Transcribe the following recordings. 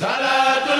salaatu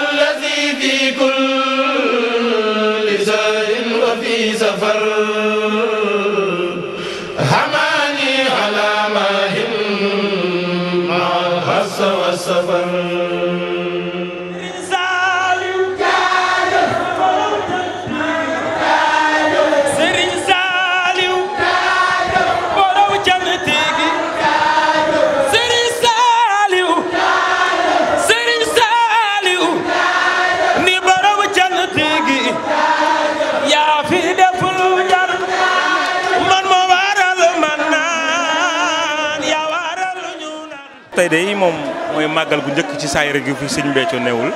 loolee moom mooy màggal gu njëkk ci saay rek gi fi sëñ Béthio newul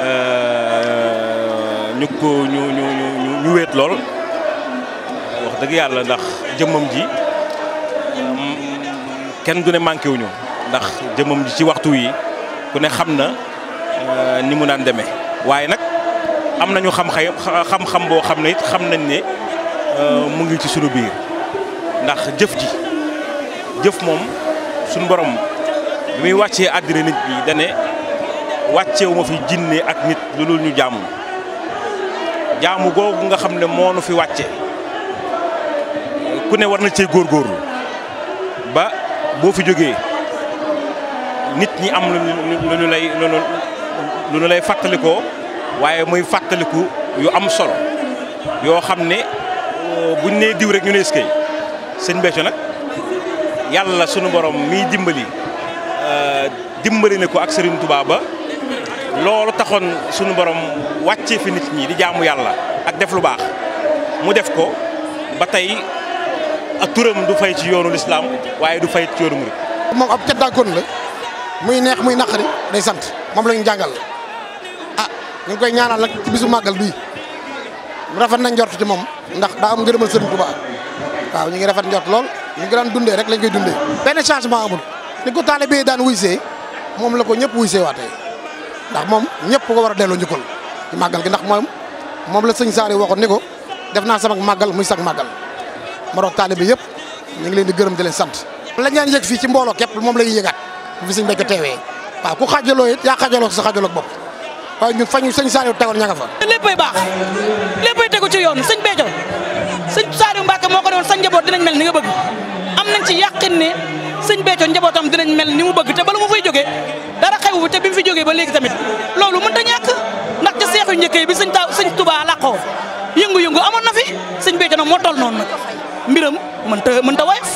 euh, ñu ko wéet lool euh, wax dëgg yàlla ndax jëmmam ji kenn du ne manqué wuñu ndax jëmmam ji ci waxtu wi ku ne xam na euh, ni mu naan demee waaye nag am nañu xam xam-xam boo xam ne it xam nañ ne mu ngi ci sunu biir ndax jëf ji jëf moom sunu borom bi muy wàccee àddina nit bi dane wàccewuma ma fi jinne ak nit lu dul ñu jaamu jaamu googu nga xam ne moonu fi wàcce ku ne war na cee góorgóorlu ba boo fi jógee nit ñi am lu ñu lay lu fàttalikoo waaye muy fàttaliku yu am sol yoo xam ne oh, buñ nee diw rek ñu ne eskay sëñ Béthio nag yàlla sunu borom miy dimbali Euh, dimbali ne ko ak Serigne Touba ba loolu taxoon suñu borom wàccee fi nit ñi di jaamu yàlla ak def lu baax mu def ko ba tey ak du fay ci yoonu lislaam waaye du fay ci yoonu murid moom ab caddaakoon la muy neex muy naqari day sant moom lañu jàngal ah ñu ngi koy ñaanal nag ci bisu màggal bii rafet nañ njort ci moom ndax daa am ngërëmal Serigne Touba waaw ñu ngi rafet njort lool ñu ngi daan dundee rek lañ koy dundee benn changement amul. ni ko taalibe yi daan wuysee moom la ko ñëpp wuysee waa tey ndax moom ñëpp ko war a delloo njukkal ci màggal gi ndax moom moom la sëñ Saari waxoon ni ko def naa sama màggal muy sax màggal moroom taalibe yëpp ñu ngi leen di gërëm di leen sant. la ñaan yëg fii ci mbooloo képp moom la ñuy yëgaat bu fi sëñ Mbacke teewee waaw ku xaajaloo it yaa xaajaloo sa xaajaloo ak bopp waaye ñun fa ñu sëñ Saari tegoon ña nga fa. léppay baax léppay tegu ci yoon sëñ sëñ sa njaboot dinañ mel sëñ Béthio njabootam dinañ mel ni mu bëgg te bala mu fay jógee dara xew bi te bi fi jógee ba léegi tamit loolu mën ta ñàkk ndax ca seex yu njëkk yi bi sëñ ta sëñ Touba làqoo yëngu-yëngu amoon na fi sëñ Béthio nag moo noon noonu nag mbiram mën ta mën ta woyof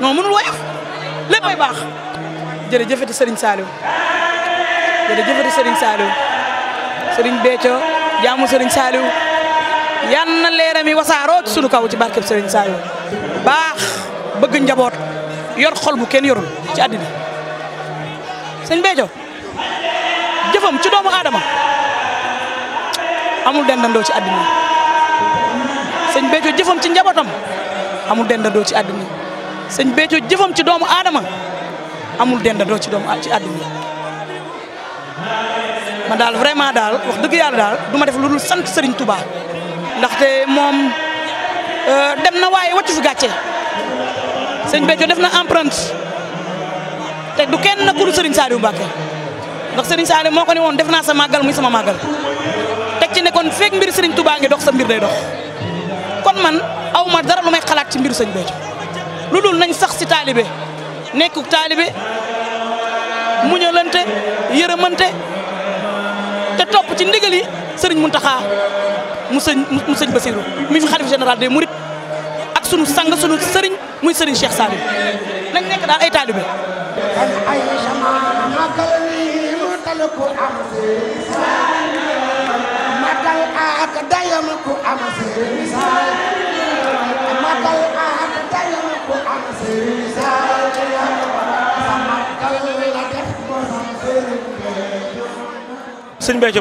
non mënul woyof léppay baax jërëjëfati sëriñ Saliou jërëjëfati sëriñ Saliou sëriñ Béthio jaamu sëriñ Saliou yan na leeram yi wasaaroo ci sunu kaw ci barkeb sëriñ Saliou baax bëgg njaboot yor xol bu kenn yorul ci àddina sëñ Béthio jëfam ci doomu aadama amul dendandoo ci àddina sëñ Béthio jëfam ci njabootam amul dendandoo ci àddina sëñ Béthio jëfam ci doomu aadama amul dendandoo ci doomu ci àddina ma daal vraiment daal wax dëgg yàlla daal du ma def lu dul sant Serigne Touba ndaxte moom euh, dem na waaye wàccu fi gàcce. sëñ Béthio def na empreinte te du kenn ku dul Serigne Saliou Mbacké ndax Serigne Saliou moo ko ne woon def naa sa màggal muy sama màggal teg ci ne kon feeg mbir Serigne Touba ngi dox sa mbir day dox kon man aw dara lu may xalaat ci mbiru sëñ Béthio lu dul nañ sax si taalibe nekku taalibe muñalante yërëmante te topp ci ndigali Serigne Mountakha mu sëñ mu sëñ Bassirou mi fi xalif général des ak sunu sang muy sëriñ Cheikh Saliou nañ nekk daal ay taalibe ay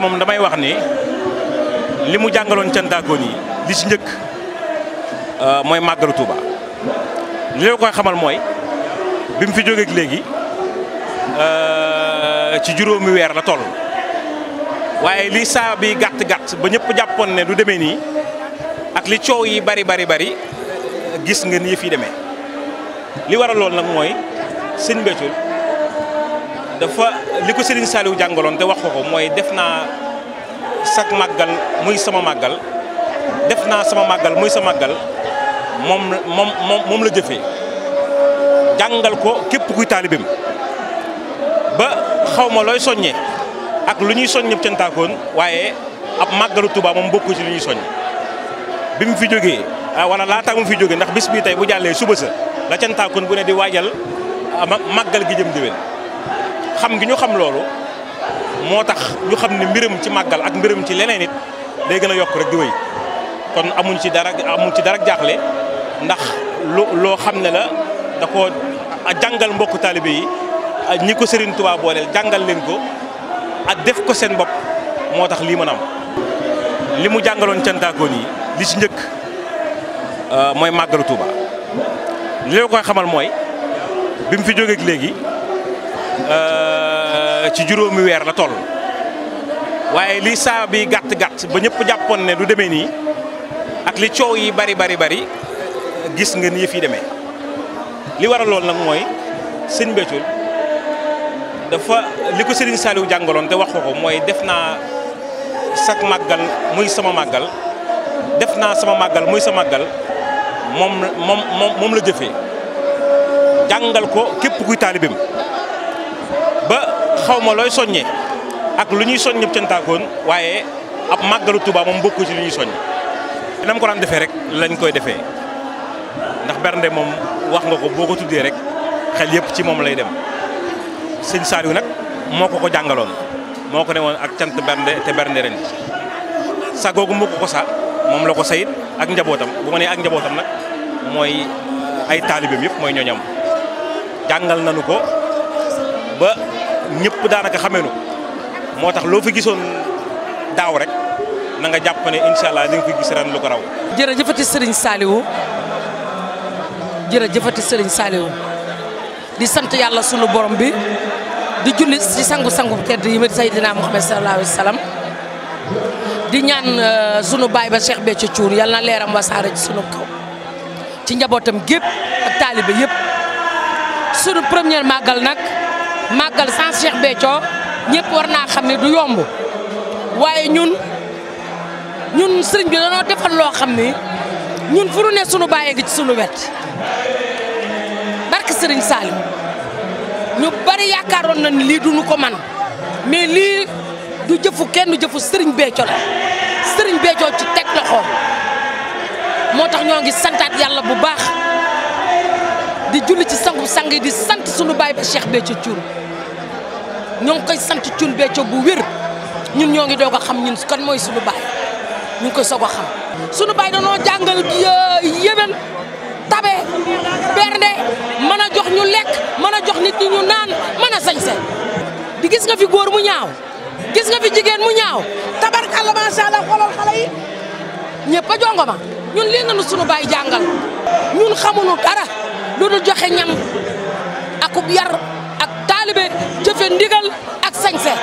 moom damay wax ni li mu jàngaloon cantaakon yi li ci njëkk Euh, moy màggalu Touba li ko koy xamal mooy bi mu fi jógeeg euh ci juroomi weer la toll waye li sa bi gatt gatt ba ñepp jappon ne du deme ni ak li ciow yi bari bari bari gis nga ni fi deme li waral lool nak moy seigne Béthio dafa li ko Serigne Saliou jàngaloon te waxoko moy defna sak magal muy sama magal defna sama magal muy sama magal moom moom moom la jëfee jàngal ko képp kuy taalibeem ba xaw looy soññee ak lu ñuy soññ cantaakoon waaye ab màggalu Tuubaa moom bokku ci lu ñuy soññ bi mu fi jógee ah, wala laataa mu fi jóge ndax bis bii tey bu jàllee suba sa la cantaakoon bu ne di waajal ah, màggal gi jëm déwén xam ngi ñu xam loolu moo tax ñu xam ne mbiram ci màggal ak mbiram ci leneen it day gën a yokk rek di wéy kon amuñ ci dara amuñ ci dara jaaxle ndax lu loo xam ne la da ko jàngal mbokku taalibe yi ñi ko sëriñ Touba booleel jàngal leen ko ak def ko seen bopp moo tax lii mën am li mu jàngaloon cantaakoon yi li ci njëkk euh, mooy màggalu Touba li la koy xamal mooy bi mu fi jógeek léegi euh, ci juróomi weer la tool waaye li saa bi gàtt gàtt ba ñépp jàppoon ne du demee nii ak li coow yi bari bari bari gis ngeen fi yi demee li waral lool nak moy sëñ Béthio dafa liko ko Serigne Saliou jàngaloon te waxoko moy defna sak magal muy sama magal, defna sama magal muy sama magal, mom mom mom moom la jëfee jangal ko képp kuy talibim ba xawma loy soñné ak luñuy soñné soññ ñëpp ab màggalu Tuubaa mom bokku ci luñuy soñné soññ nam ko daan defé rek lañ koy defé ndax bernde moom wax nga ko boo ko tuddee rek xel yëpp ci moom lay dem sëñ Saliou nag moo ko ko jàngaloon moo ko ne woon ak cant bernde te bernde ren sa googu moo ko ko sa moom la ko sayit ak njabootam bu ma nee ak njabootam nag mooy ay taalibeem yëpp mooy ñooñam jàngal nañu ko ba ñëpp daanaka xameenu moo tax loo fi gisoon daaw rek na nga jàpp ne incha allah di nga gis ren lu ko raw. jërëjëfati Serigne Saliou. jërëjëfati Serigne Saliou di sant yàlla sunu borom bi di julli ci sangu-sangu tedd yi mét Seydina Muhammad sallallahu alayhi wa di ñaan euh, sunu baay ba Cheikh Béthio Thioune yàlla na leeram wasaare ci sunu kaw ci njabootam gépp ak taalibe yëpp sunu première màggal nag màggal sans Cheikh Béthio ñëpp war naa xam ne du yomb waaye ñun ñun sëriñ bi danoo defal loo xam ni ñun fu nu ne sunu baay ngi ci sunu wet Serigne Saliou ñu bari yaakaaroon na ni lii duñu ko man mais lii du jëfu kenn jëfu Serigne Béthio la Serigne Béthio ci teg loxoom moo tax ñoo ngi santaat yàlla bu baax di julli ci sangu sang yi di sant sunu baay ba Cheikh Béthio ñoo ngi koy sant Thioune Béthio bu wér ñun ñoo ngi doog a xam ñun kan mooy sunu baay ñu ngi koy soog a xam. sunu danoo jàngal euh, yéwén tabe bernde. ñu lekk mën jox nit ñi ñu naan mën a sañse di gis nga fi góor mu ñaaw gis nga fi jigéen mu ñaaw tabarkalla macha allah xoolal xale yi ñëpp a jongo ma ñun lii nañu sunu baay jàngal ñun xamuñu dara lu dul joxe ñam akub yar ak taalibe jëfe ndigal ak sañse